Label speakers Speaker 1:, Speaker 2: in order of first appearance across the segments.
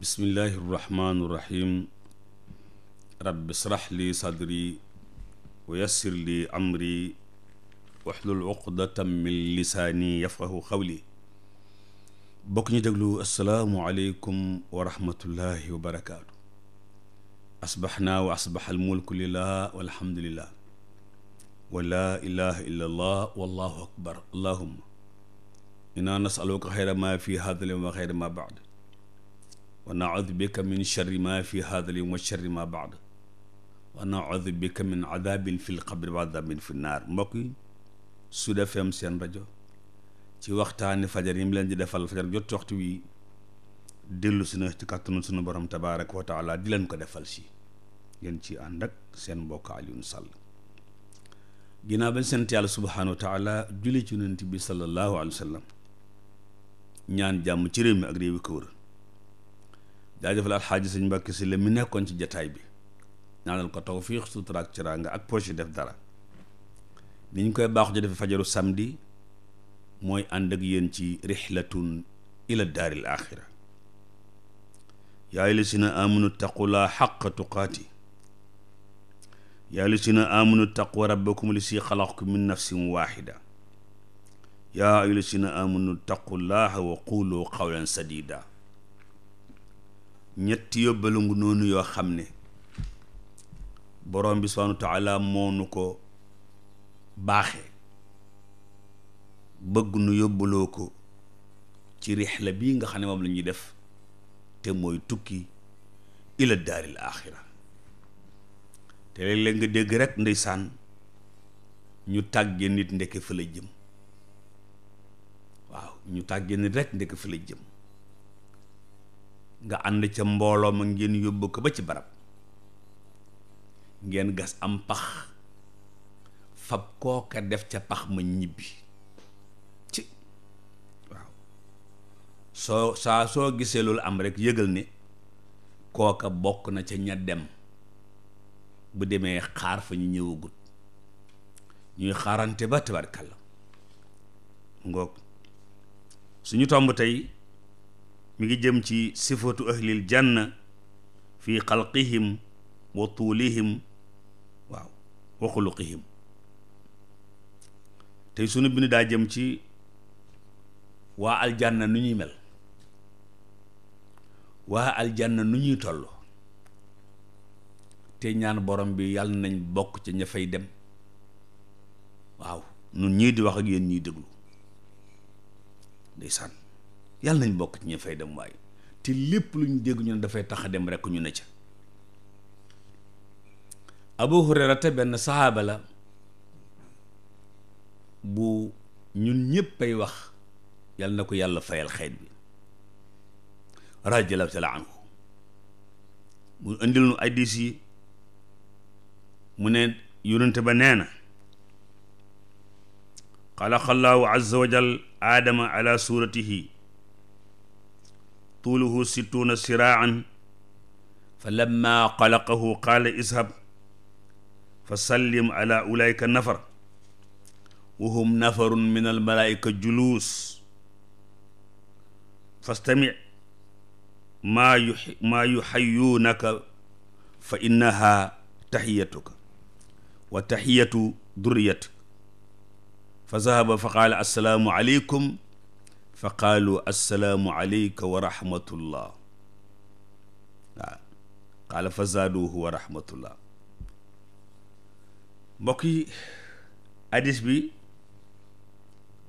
Speaker 1: bismillahi irrahmani irrahim rabbi israh li sadri wa yassir li amri waxlul uqdatan min lisaani yafqahu xawli bokk ñu déglu asalaamualeykum wa rahmatullahi wa barakaatu asbaxnaa wa asbax almulku lillah walhamdulillah wa laa ilaha illa allah wallahu akbar allahuma inaa nasaluka xayra ma fi hada liyawm wa xayra ma baad wa naudu bika min sharri ma fi haadal yawm wa sharri ma baad wa naudu bika min adaabin fi lqabri wa adaabin fi naar mbokk yi Sud FM seen rajo ci waxtaani fajar yi mu leen di defal fajar jot waxtu wi dellu si na ci kàttanu sunu borom tabaaraka wa taala di leen ko defal si ngeen ci ànd ak seen mbokk Alioune Sall ginnaaw bañ sant yàlla subhaanahu wa taala julli ci yonent bi sallallahu alayhi wa sallam ñaan jàmm ci réew mi ak réew yi ko wër jaajëfal alxaaji sëñ Mbàkke si la mi nekkoon ci jataay bi ñaanal ko tawfiix sutura ak teraanga ak projet def dara ni ñu koy baaxu ci defe fajaru samedi mooy ànd ak yéen ci rixlatun ila daaril axira yaa ayyuhallazina aamanu taqulaa xaqa tuqaati yaa ayyuhallazina aamanu taqu rabbakum lazi xalaqakum min nafsin waaxida yaa ayyuhallazina aamanu taqulaaha wa quulu qawlan sadida ñetti yóbbalu ngu noonu yoo xam ne borom bi subhaanahu moo nu ko baaxe bëgg nu yóbbaloo ko ci rixla bii nga xam ne moom lañuy def te mooy tukki ila daaril aaxira te léeg-léeg nga dégg rek ndeysaan ñu tàggee nit ndeke fa la jëm waaw ñu tàggee nit rek ndeke fa la jëm nga ànd ca mbooloo ma ngeen yóbbu ko ba ci barab ngeen gas am pax fab kooka def ca pax ma ñibbi ci waaw soo saa soo gisee loolu am rek yëgal ne kooka bokk na ca ña dem bu demee xaar fa ñu ñëwagut ñuy xaarante ba tabarkalla ngoog suñu tomb tey mi ngi jëm ci sifatu ahlil jann fi xalqihim wa tuulihim waaw wa xuluqihim tey sunu bind daa jëm ci waa aljanna nu ñuy mel waa aljanna nu ñuy toll te ñaan borom bi yàlla nañ bokk ca ña fay dem waaw nun ñii di wax ak yéen ñuy déglu ndeysaan yàlla nañ bokk ci ñu fay dem waay te lépp lu ñu dégg ñu ne dafay tax a dem rek ñu ne ca Abu Hurayrata benn saxaaba la bu ñun ñëpp wax yàlla na ko yàlla fayal xeet bi radiyallahu taala mu indil nu addis yi mu ne yonente ba nee na xalaqa allahu azza wa aadama ala suratihi tuuluhu sittuuna siraan fa lamma xalaqahu qaala ishab fa sallim ala ulaika nafar wa hum nafarun min almalaika juluus fastami maa yu maa yuxayuunaka fa innaha taxiyatuka wa taxiyatu durriyatik fa zahaba fa qaala assalaamu aleykum fa qaalu assalaamu aleyka wa rahmatullah waaw qaala fa zaaduhu wa rahmatullah mbokk yi bi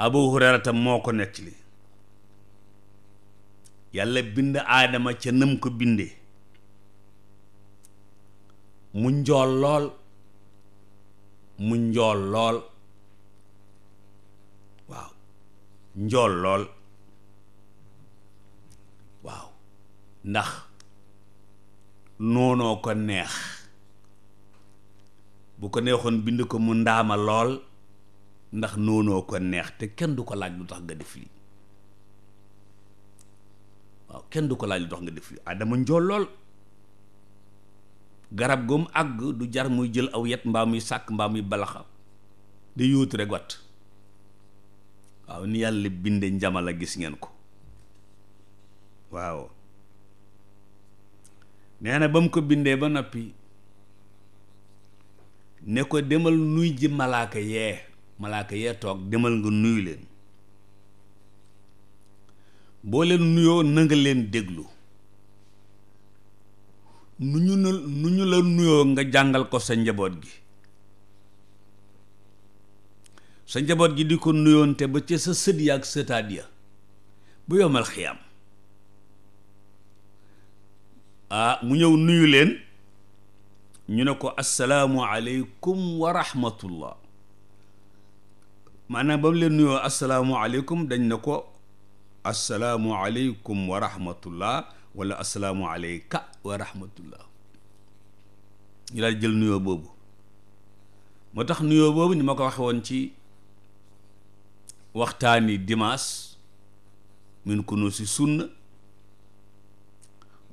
Speaker 1: abu hurairata moo ko nettali yàlla bind aadama ca nam ko bindee mu njool lool mu njool lool waaw njool lool ndax noonoo ko neex bu ko neexoon bind ko mu ndaama lool ndax noonoo ko neex te kenn du ko laaj lu tax nga def lii waaw kenn du ko laaj lu tax nga def lii adama njool lool garab goom àgg du jar muy jël aw yet mbaa muy sàkk mbaa muy balaxa di yóotu rek wat waaw ni yàlla binde njamal a gis ngeen ko waaw nee na ba mu ko bindee ba noppi ne ko demal nuy ji malaaka yee malaaka yee toog demal nga nuyu leen boo leen nuyoo nanga leen déglu nu ñu nu ñu la nuyoo nga jàngal ko sa njaboot gi sa njaboot gi di ko nuyoonte ba ca sa sët ya ak sëtaat ya bu yomal xiyam Ah, mu ñëw nuyu leen ñu ne ko assalaamu aleykum wa rahmatullah maanaam ba mu leen nuyoo assalaamu aleykum dañ ne ko assalaamu aleykum wa rahmatullah wala assalaamu aleyka wa ñu daal jël nuyoo boobu moo tax nuyoo boobu ni ma ko waxe woon ci waxtaani dimaas min kunu si sunna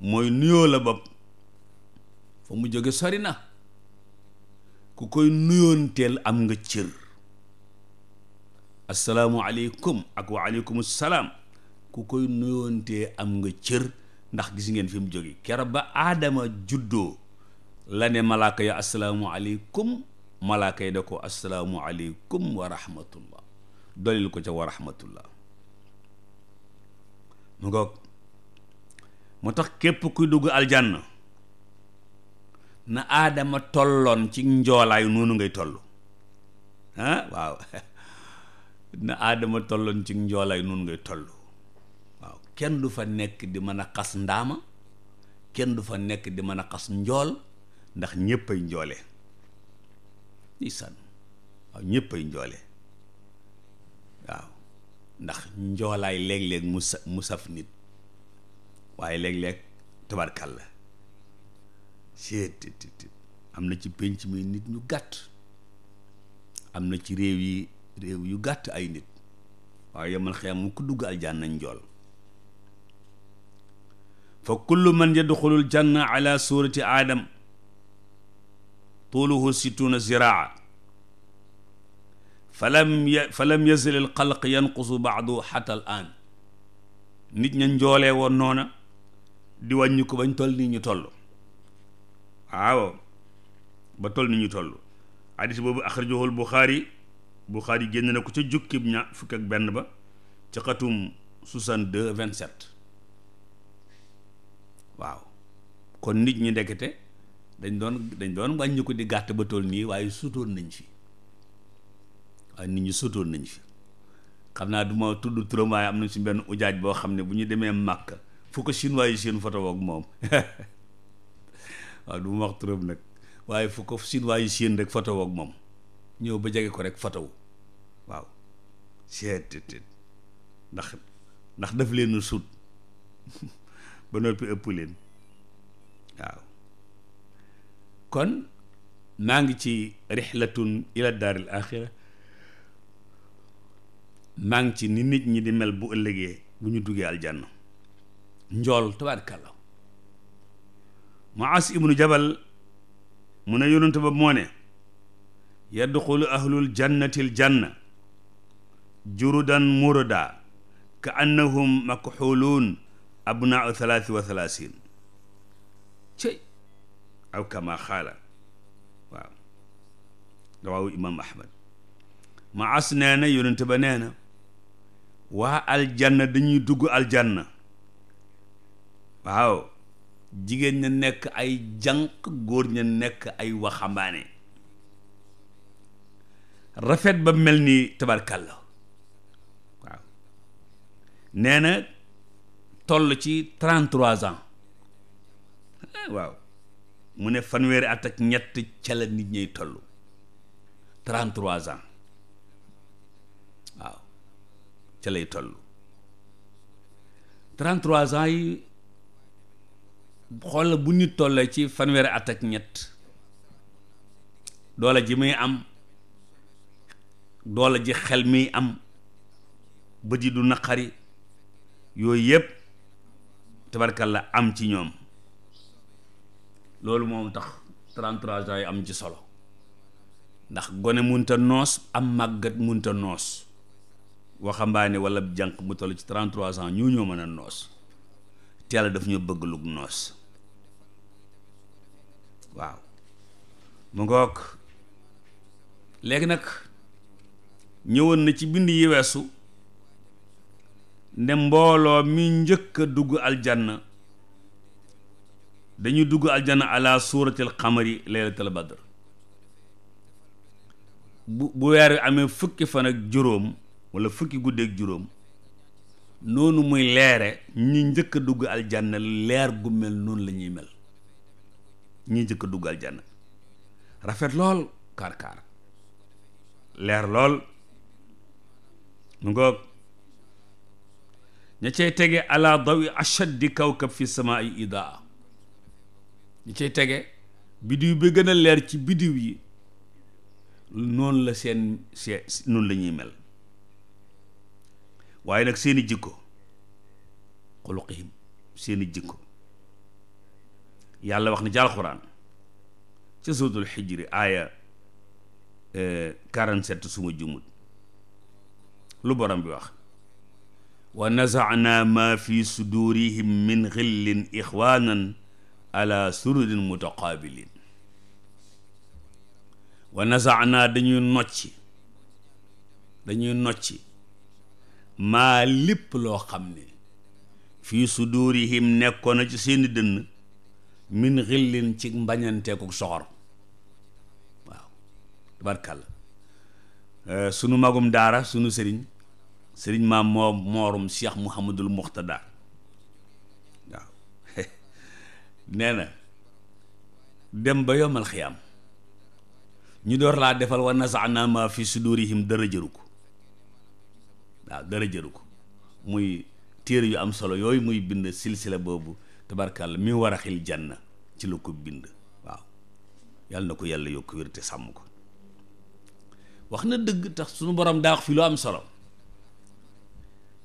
Speaker 1: mooy nuyoo la bopp mu jóge sori na ku koy nuyoonteel am nga cër asalaamualeykum ak wa aleykum salaam ku koy nuyoontee am nga cër ndax gis ngeen fi mu jóge kera ba aadama juddoo la ne malaaka ya asalaamualeykum malaaka yi da ko asalaamualeykum wa rahmatullah dolil ko ca wa rahmatullah moo tax képp kuy dugg aljanna na aadama tolloon ci njoolaayu noonu ngay tollu ah waaw na aadama tolloon ci njoolaayu noonu ngay tollu waaw kenn du fa nekk di mën a xas ndaama kenn du fa nekk di mën a xas njool ndax ñéppay njoole ndeysaan waaw ñéppay njoole waaw ndax njoolaay léeg-léeg mu sa mu saf nit waaye léeg-léeg la seet am na ci pénc nit ñu gàtt am na ci réew yi réew yu gàtt ay nit waaye yomal xiyam mu ko dugg aljanna njool fa kullu man yadxulul janna ala surati aadam tuuluhu situna ziraa falam ya falam yazal al xalq yanqusu baadu xata al nit ña njoolee woon noona di wàññi ko toll nii ñu toll waaw ba toll nii ñu toll hadis boobu axrajahul Buxaari yi génn na ko ca jukkib ña fukk ak benn ba ca xatum 62 27 waaw kon nit ñi ndekete dañ doon dañ doon wàññi di gàtt ba toll nii waaye sutoon nañ fi waaye nit ñi sutoon nañ fi xam naa du ma tudd turam waaye am na ci benn ujaaj boo xam ne bu ñu demee Màkka fu ko chinois yi seen photo ak moom waaw du wax turam nag waaye fu ko chinois yi seen rek photo ak moom ñëw ba jege ko rek photo waaw seet ndax ndax daf leen sut ba noppi ëpp leen waaw kon maa ngi ci rixlatun ila daaril axira maa ngi ci ni nit ñi di mel bu ëllëgee bu ñu duggee aljanna njool tabaarkàlla Muaas ibnu Jabal mu ne yonent ba moo ne yadxulu ahlul jannatil jurudan murada ka annahum makxuluun abnaau thalaati wa aw kama xaala waaw rawaawu imaam ahmad Muaas nee na yonent ba nee na waa aljanna dañuy dugg aljanna waaw jigéen ña nekk ay jànq góor ña nekk ay waxambaane rafet ba mel ni tabarkàlla waaw nee na toll ci 33 ans eh, waaw mu ne fanweeri at ak ñett ca nit ñay toll 33 ans waaw ca lay toll 33 ans yi xool bu nit tollee ci fanweeri at ak ñett doole ji muy am doole ji xel miy am bët yi du naqari yooyu yëpp la am ci ñoom loolu moom tax 33 ans yi am ci solo ndax gone munta noos am màggat munta noos waxambaane wala jànq bu toll ci 33 ans ñu ñoo mën a noos te yàlla daf ñu bëgg lug noos waaw mu ngoog léegi nag ñëwoon na ci bind yi weesu ne mbooloo mi njëkk a dugg aljanna dañuy dugg aljanna ala suuratil xamari laylatal badr bu bu weer wi amee fukki fan ak juróom wala fukki guddeeg juróom noonu muy leere ñi njëkk a dugg aljanna leer gu mel noonu lañuy mel ñu njëkk a dugg aljanna rafet lool kaar kaar leer lool mu ngoog ña cay tege ala dawi di kawkab fi samaa i idaa ña cay tege bidiw bi gën a leer ci bidiw yi noon la seen see noonu la ñuy mel waaye nag seeni jikko xuluqihim seeni jikko yàlla wax na ci alxuraan ca suratul xijri aaya 47 e, suma jumut lu borom bi wax wa nazaana ma fi sudurihim min xillin ixwanan ala sururin mutaqabilin wa nazaana dañuy nocci dañuy nocci maa lépp loo xam ne fii sudurihim nekkoon na ci seeni dënn min xillin ci mbañanteeku soxor waaw tabarkàlla eh, sunu magum daara sunu sëriñ sëriñ maam moo moorum cheikh mouhamadul muxtada waaw nee dem ba yomal xiyaam ñu door laa defal na wa nasaana ma fi sudurihim dara jëru ko waaw dara ko muy téere yu am solo yooyu muy bind silsila boobu tabarkàlla mi war a xil na ci la ko bind waaw yàlla na ko yàlla yokk wér te sàmm ko wax na dëgg tax suñu borom daa wax fi lu am solo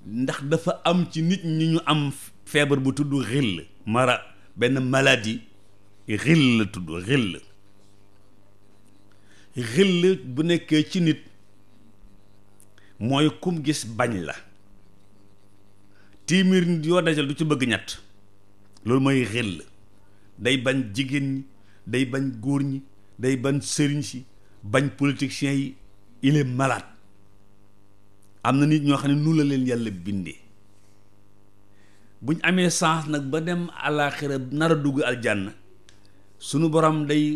Speaker 1: ndax dafa am ci nit ñi ñu am feebar bu tudd xill mara benn maladie xill la tudd xill xill bu nekkee ci nit mooy kum gis bañ la téeméer nit yoo dajal du ci bëgg ñett loolu mooy xel day bañ jigéen ñi day bañ góor ñi day bañ sëriñ si bañ politiciens yi il est am na nit ñoo xam ne nu la leen yàlla bindee buñ amee sens nag ba dem àllaaxira nar a dugg aljanna sunu borom day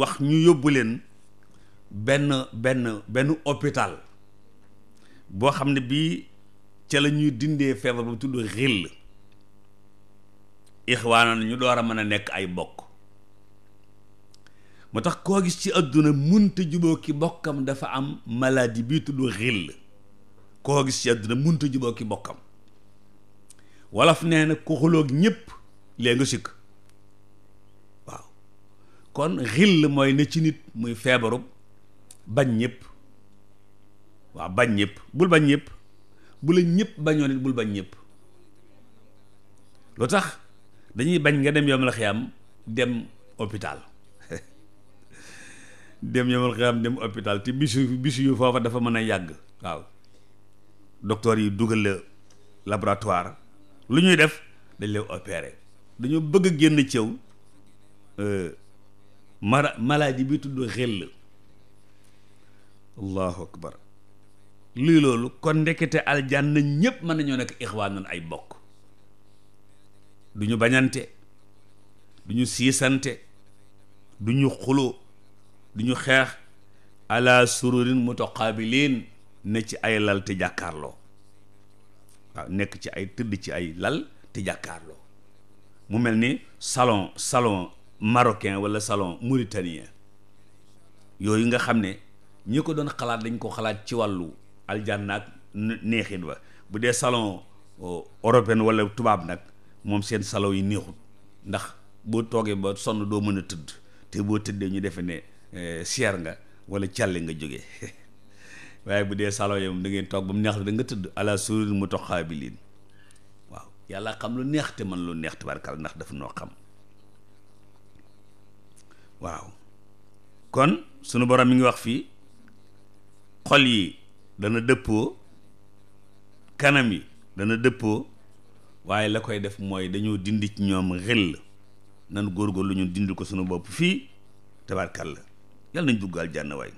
Speaker 1: wax ñu yóbbu leen benn benn benn hôpital boo xam ne bii ca la ñuy dindee feebar ba tudd xel ixwaanan ñu door a mën a nekk ay bokk moo tax koo gis ci àdduna munta juboo ki bokkam dafa am maladie bii tudd xill koo gis ci àdduna munta juboo ki bokkam wolof nee na ku xuloog ñëpp sikk waaw kon xill mooy ne ci nit muy feebarub bañ ñëpp waaw bañ ñëpp bul bañ ñëpp bu la ñëpp bul bañ ñëpp lu tax dañuy bañ nga dem yomal xiyam dem hôpital dem yomal xiyam dem hôpital te bisu bisu yu foofa dafa mën a yàgg waaw docteur yi dugal la laboratoire lu ñuy def dañ lay opéré dañoo bëgg a génn cëw euh, mara maladie bi tudd xel allahu akbar lii loolu kon ndekete nañ ñëpp mën nañoo nekk ixwaanan ay bokk du ñu bañante du ñu siisante du ñu xuloo du ñu xeex ala sururin mutaqabilin ne ci ay lal te jàkkaarloo waaw nekk ci ay tëdd ci ay lal te jàkkaarloo mu mel ni salon salon marocain wala salon mauritanien yooyu nga xam ne ñi ko doon xalaat dañ ko xalaat ci wàllu aljanna ak neexin wa bu dee salon oh, européen wala tubaab nag moom seen salaw yi neexul ndax boo toogee ba sonn doo mën a tëdd te boo tëddee ñu defe ne eh, seer nga wala càlle nga jóge waaye bu dee salaw yi moom toog ba mu neex la da nga tëdd ala sururin mutaqabilin waaw yàlla xam lu neex te man lu neex tabarkal ndax dafa noo xam waaw kon sunu borom mi ngi wax fii xol yi dana dëppoo kanam yi dana dëppoo waaye la koy def mooy dañoo dind ci ñoom xel nan lu ñu dindi ko suñu bopp fii tabaarkàlla yàlla nañ dugg aljanna waay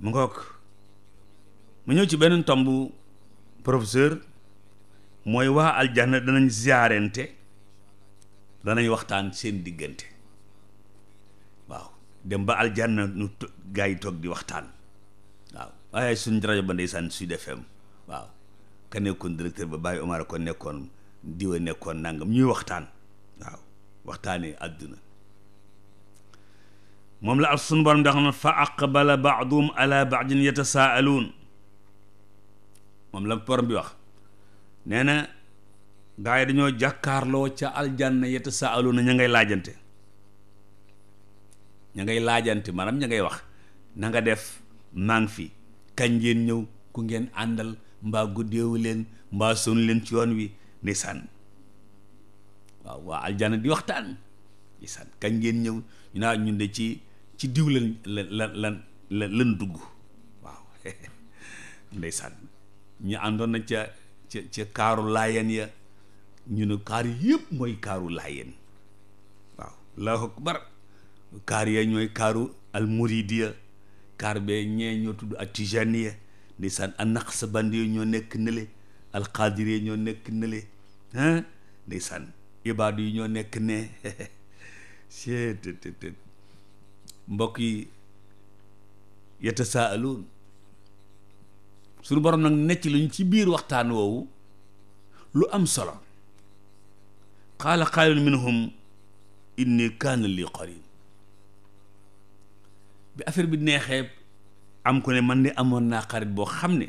Speaker 1: mu ngoog mu ñëw ci beneen tomb professeur mooy waa aljanna danañ ziyaarente danañ waxtaan seen diggante waaw dem ba aljanna ñu gaa yi toog di waxtaan waaw waaye suñ rajo ba ndeysaan Sud FM waaw ka nekkoon directeur ba Baye Omar ko nekkoon diwa nekkoon nangam ñuy waxtaan waaw waxtaanee àdduna moom la ak sunu borom da xam fa aqbala baaduhum ala baadin yatasaaluun moom la borom bi wax nee na gaa yi dañoo jàkkaarloo ca aljanna yatasaaluuna ña ngay laajante ña ngay laajante maanaam ña ngay wax na nga def maa fi kañ ngeen ñëw ku ngeen àndal mbaa guddeewu leen mbaa sonu leen ci yoon wi ndeysaan waaw waa aljana di waxtaan ndeysaan kañ ngeen ñëw ñu naa ñun de ci ci diw lan dugg waaw ndeysaan àndoon na ca ca ca kaaru laayen ya ñu ne kaar yëpp mooy kaaru laayen waaw allahu akbar kaar ya ñooy kaaru almuridiya kaar bee ñee ñoo tudd atijaniya ndeysaan an naqsabandi yi ñoo nekk nële alxaadir yi ñoo nekk nële ah ndeysaan ibaadu yi ñoo nekk ne mbokk yi yatasaaluun suñu borom nag necc luñ ci biir waxtaan woowu lu am solo qaala qaa'ilun minhum inni kaana li qarin bi affaire bi neexee am ko ne man di amoon naa xarit boo xam ne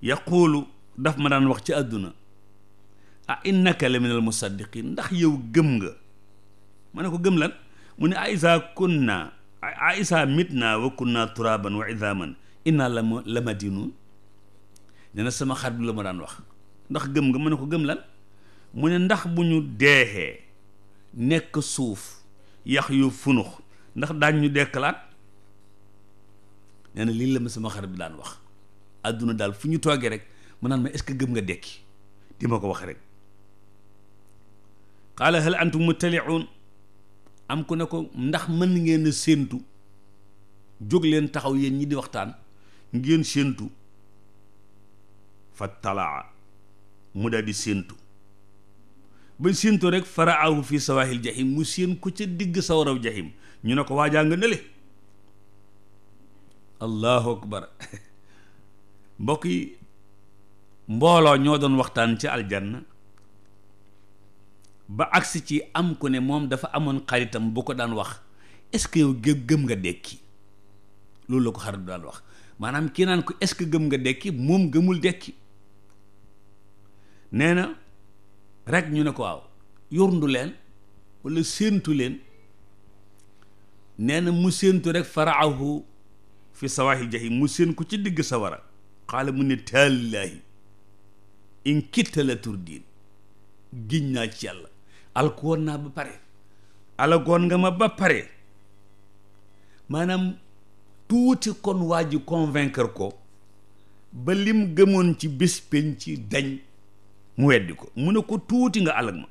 Speaker 1: yaquulu daf ma daan wax ci àdduna a innaka la minal musaddiqin ndax yow gëm nga ma ne ko gëm lan mu ne a isa kunna a isa mitna turaban wa idhaman inna la la madinun ne na sama la ma daan wax ndax gëm nga ma ne ko gëm lan mu ndax bu ñu deexee nekk suuf yax yu funux ndax daañ ñu dekkalaat nee lii la ma sama xarit bi daan wax àdduna daal fu ñu toogee rek mu naan ma est-ce que gëm nga dekki di ma ko wax rek qaala hal antum muttaliun am ku ne ko ndax mën ngeen séentu jóg leen taxaw yéen ñi di waxtaan ngeen séentu fa talaa mu daal di séentu ba séentu rek faraahu fi sawaaxil jahim mu séen ko ca digg sawaraw jahim ñu ne ko waajaa nga nële allahu akbar mbokk yi mbooloo ñoo doon waxtaan ci aljanna ba agsi ci am ku ne moom dafa amoon xaritam bu ko daan wax est-ce que yow gë gëm nga dekki loolu la ko xarit daan wax maanaam kii naan ko est-ce que gëm nga dekki moom gëmul dekki nee na rek ñu ne ko waaw yurndu leen walla séentu leen nee mu séentu rek faraahu fi sawaaxil jahim mu seen ko ci digg sawara xaala mu ne taallaahi in kitta la turdiin giñ naa ci yàlla alkoon naa ba pare alagoon nga ma ba pare maanaam tuuti kon waa ji ko ba lim gëmoon ci bés ci dañ mu weddi ko mu ne ko tuuti nga alag ma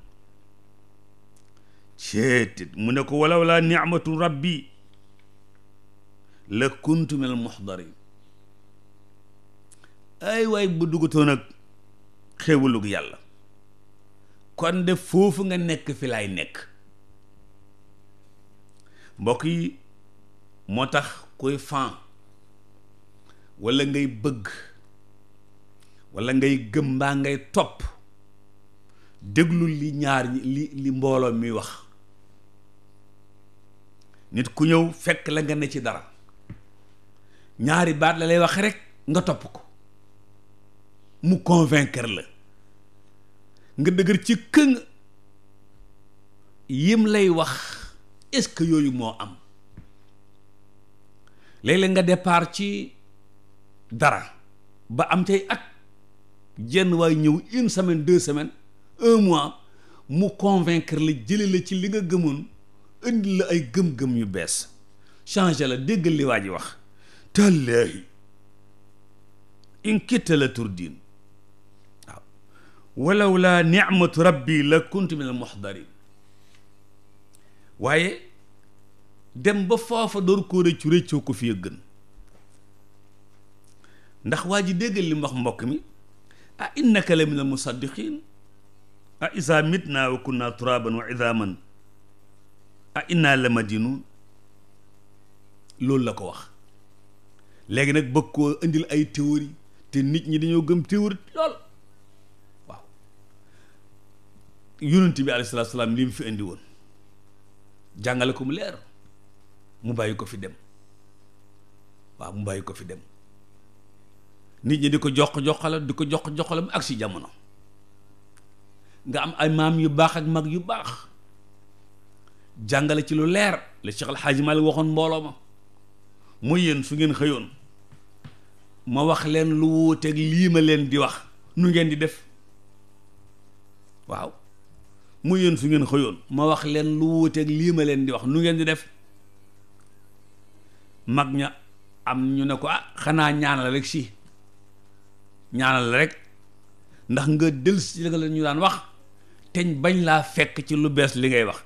Speaker 1: ceetit mu ne ko walaw laa nicmatu rabbi la kuntu minal muxdarin ay waay bu duggatoon ak xéewalug yàlla kon def foofu nga nekk fi laay nekk mbokk yi moo tax kuy fan walla ngay bëgg walla ngay gëm mbaa ngay topp déglu li ñaar li li mbooloo mi wax nit ku ñëw fekk la nga ne ci dara ñaari baat la lay wax rek nga topp ko mu convaincre la nga dëgër ci këng yim lay wax est-ce que yooyu moo am léeg-léeg nga départ ci dara ba am tey ak jenn waay ñëw une semaine deux semaines un mois mu convaincre la jële la ci li nga gëmoon indi la ay gëm-gëm yu bees changer la déggal li waa ji wax tallaahi in kitta la turdin waaw walaw laa rabbi la kuntu min al muxdarin waaye dem ba foofa door koo rëccu rëccoo ko fi gën ndax waa ji déggal li mu mbokk mi a innaka la min al musaddiqin a isa mitna wa kunna turaban wa idaman a inna la madinun loolu la ko wax léegi nag bëgg koo indil ay théorie te nit ñi dañoo gëm théorie lool waaw yonent bi alayhi salaatu salaam li mu fi indi woon jàngale ko mu leer mu bàyyi ko fi dem waaw mu bàyyi ko fi dem nit ñi di ko jox joxala di ko jox joxala mu ak si jamono nga am ay maam yu baax ak mag yu baax jàngale ci lu leer la Cheikh Al Hadj Malick waxoon mbooloo ma mooy yéen su ngeen xëyoon ma wax leen lu wuuteeg lii ma leen di wax nu ngeen di def waaw mu yéen su ngeen xëyoon ma wax leen lu wuuteeg lii ma leen di wax nu ngeen di def mag ña am ñu ne ko ah xanaa ñaanal rek si ñaanal rek ndax nga del si la nga leen ñu daan wax teñ bañ laa fekk ci lu bees li ngay wax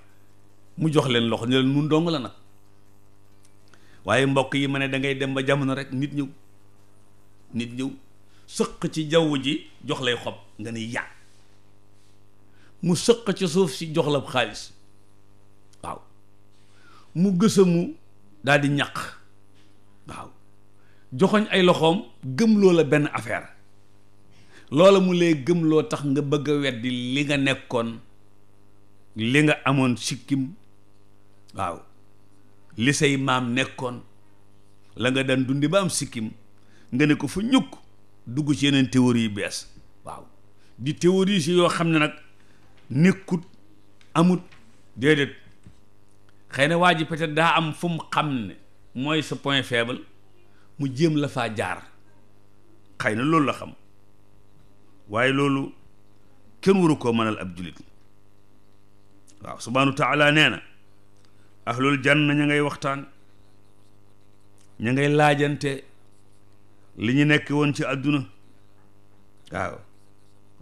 Speaker 1: mu jox leen loxo ne leen nun dong la na waaye mbokk yi ma ne dangay dem ba jamono rek nit ñëw nit ñëw sëq ci jaww ji jox lay xob nga ne yàq mu sëq ci suuf si jox la xaalis waaw mu gësamu daal di ñaq waaw joxoñ ay loxoom gëm loo la benn affaire loola mu lay gëm loo tax nga bëgg a weddi li nga nekkoon li nga amoon sikkim waaw li say maam nekkoon la nga daan dundi ba am sikkim nga ne ko fu ñukk dugg ci yeneen théorie yu bees waaw di théorie si yoo xam ne nag nekkut amut déedéet xëy na waa ji peut-être daa am fu mu xam ne mooy sa point faible mu jéem la faa jaar xëy na loolu la xam waaye loolu kenn waru koo mënal ab jullit waaw subhaanahu wa taala nee na ahlul janna ñu ngay waxtaan ñu ngay laajante li ñu nekk woon ci àdduna waaw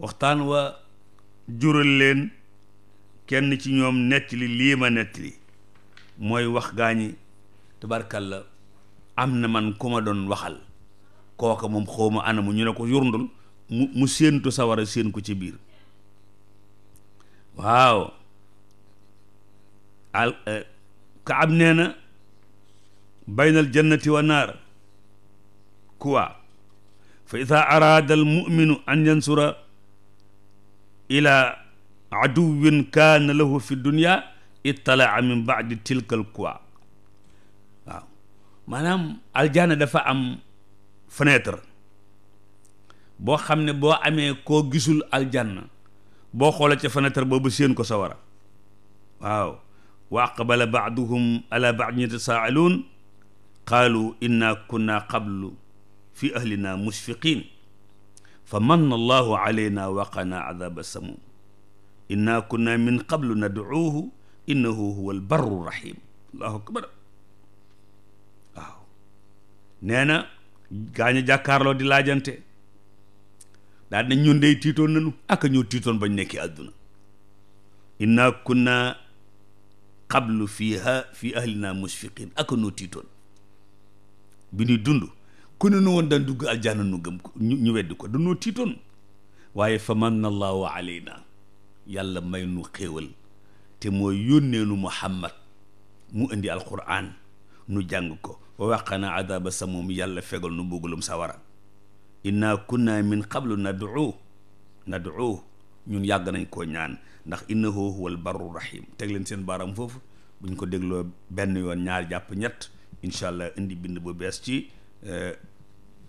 Speaker 1: waxtaan wa jural leen kenn ci ñoom nettali lii ma nettali mooy wax gaa ñi la am na man ku ma doon waxal kooka moom xawma anamu ñu ne ko yurndul mu mu séentu sawara séen ko ci biir waaw al eh, Kaab nee na baynal jannati wa naar kuwa fa ida araada al muminu an yansura ila aduwin kaana lahu fi dunia ittalaa min baadi tilka al kuwa waaw maanaam aljaana dafa am fenêtre boo xam ne boo amee koo gisul aljanna boo xoolee ca fenêtre boobu séen ko sawara waaw wa aqbala baaduhum ala baadin yatasaaluun qaalu inna kunna qablu fi ahlina mushfiqin fa manna allahu alayna wa qana adaba samum inna kunna min qablu nadcuuhu innahu huwa albarru rahim allahu akbar waaw nee na gaañu jàkkaarloo di laajante daal nañ ñun dey tiitoon nanu ak ñoo tiitoon bañ nekki àdduna inna kunna qablu fiha fi ahlina musfiqin ak noo tiitoon bi nu dund ku ne nu woon daan dugg aljaana nu gëm ko ñu weddi ko danoo tiitoon waaye fa manna allahu alayna yàlla may nu xéewal te mooy yónneenu muhammad mu indi alquran nu jàng ko wa waqana adaba samum yàlla fegal nu bugulum sawara inna kunna min qablu nad'u nad'u ñun yàgg nañ koo ñaan ndax innahu huwal barru rahim teg leen seen baaram foofu bu ñu ko dégloo benn yoon ñaar jàpp ñett incha allah indi bind bu bees ci eh,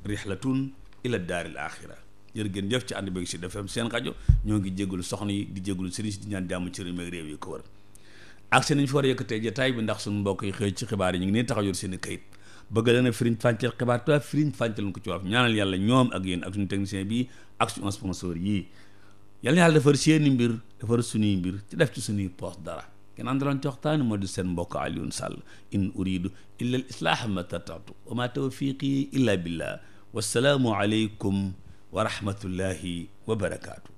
Speaker 1: rihlatun ila daaril axira jërë ngeen jëf ci ànd beeg si defem seen rajo ñoo ngi jégalu soxna di jégalu sëriñ si di ñaan jàmm ci réew mi ak réew yi ko wër ak seen ñu fa war a yëkkatee jotaay bi ndax suñu mbokk yi xëy ci xibaar yi ñu ngi ne taxaw yor seen i kayit bëgg leen a firiñ fàncal xibaar tubaab firiñ fàncal ko ci waaf ñaanal yàlla ñoom ak yéen ak suñu technicien bi ak suñu sponsor yii yal na yàlla defar seeni mbir defar suñuy mbir ci def ci suñuy poos dara kenn àndaloon ci waxtaani moo di seen mbokk Alioune Sall in uridu illa al islaaha ma tatatu wa ma tawfiqi illa billah wassalaamu aleykum wa rahmatullahi wa